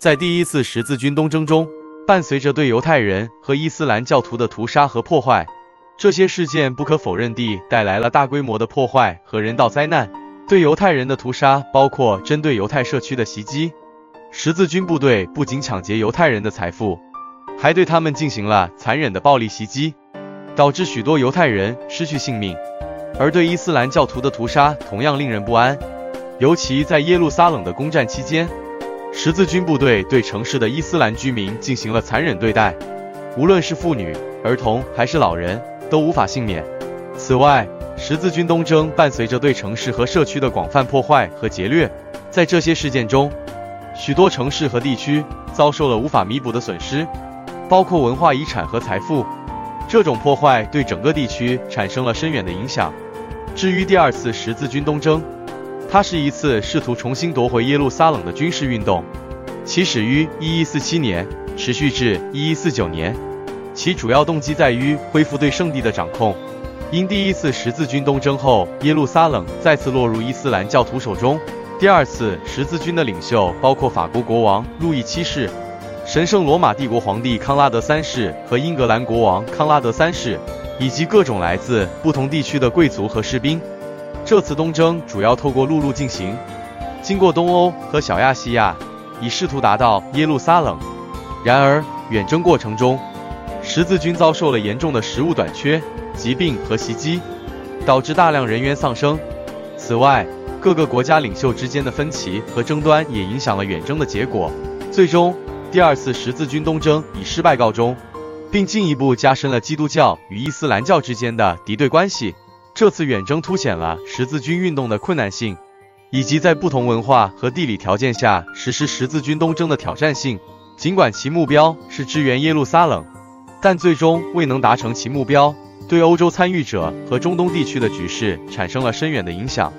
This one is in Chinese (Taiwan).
在第一次十字軍東征中，伴隨着對猶太人和伊斯蘭教徒的屠殺和破壞這些事件不可否認地帶來了大規模的破壞和人道災難。對猶太人的屠殺包括針對猶太社區的襲擊，十字軍部隊不僅搶劫猶太人的財富，還對他們進行了殘忍的暴力襲擊，導致許多猶太人失去性命。而對伊斯蘭教徒的屠殺同樣令人不安，尤其在耶路撒冷的攻佔期間。十字軍部隊對城市的伊斯蘭居民進行了殘忍對待，無論是婦女、兒童還是老人，都無法幸免。此外，十字軍東征伴隨着對城市和社區的廣泛破壞和劫掠，在這些事件中，許多城市和地區遭受了無法彌補的損失，包括文化遺產和財富。這種破壞對整個地區產生了深遠的影響。至於第二次十字軍東征，它是一次試圖重新奪回耶路撒冷的軍事運動，起始於一一四七年，持續至一一四九年。其主要動機在於恢復對聖地的掌控。因第一次十字軍東征後，耶路撒冷再次落入伊斯蘭教徒手中。第二次十字軍的領袖包括法國國王路易七世、神聖羅馬帝國皇帝康拉德三世和英格蘭國王康拉德三世，以及各種來自不同地區的貴族和士兵。這次東征主要透過陸路進行，經過東歐和小亞細亞，以試圖達到耶路撒冷。然而，遠征過程中，十字軍遭受了嚴重的食物短缺、疾病和襲擊，導致大量人員喪生。此外，各個國家領袖之間的分歧和爭端也影響了遠征的結果。最終，第二次十字軍東征以失敗告終，並進一步加深了基督教與伊斯蘭教之間的敵對關係。這次遠征凸顯了十字軍運動的困難性，以及在不同文化和地理條件下實施十字軍東征的挑戰性。儘管其目標是支援耶路撒冷，但最終未能達成其目標，對歐洲參與者和中東地區的局勢產生了深遠的影響。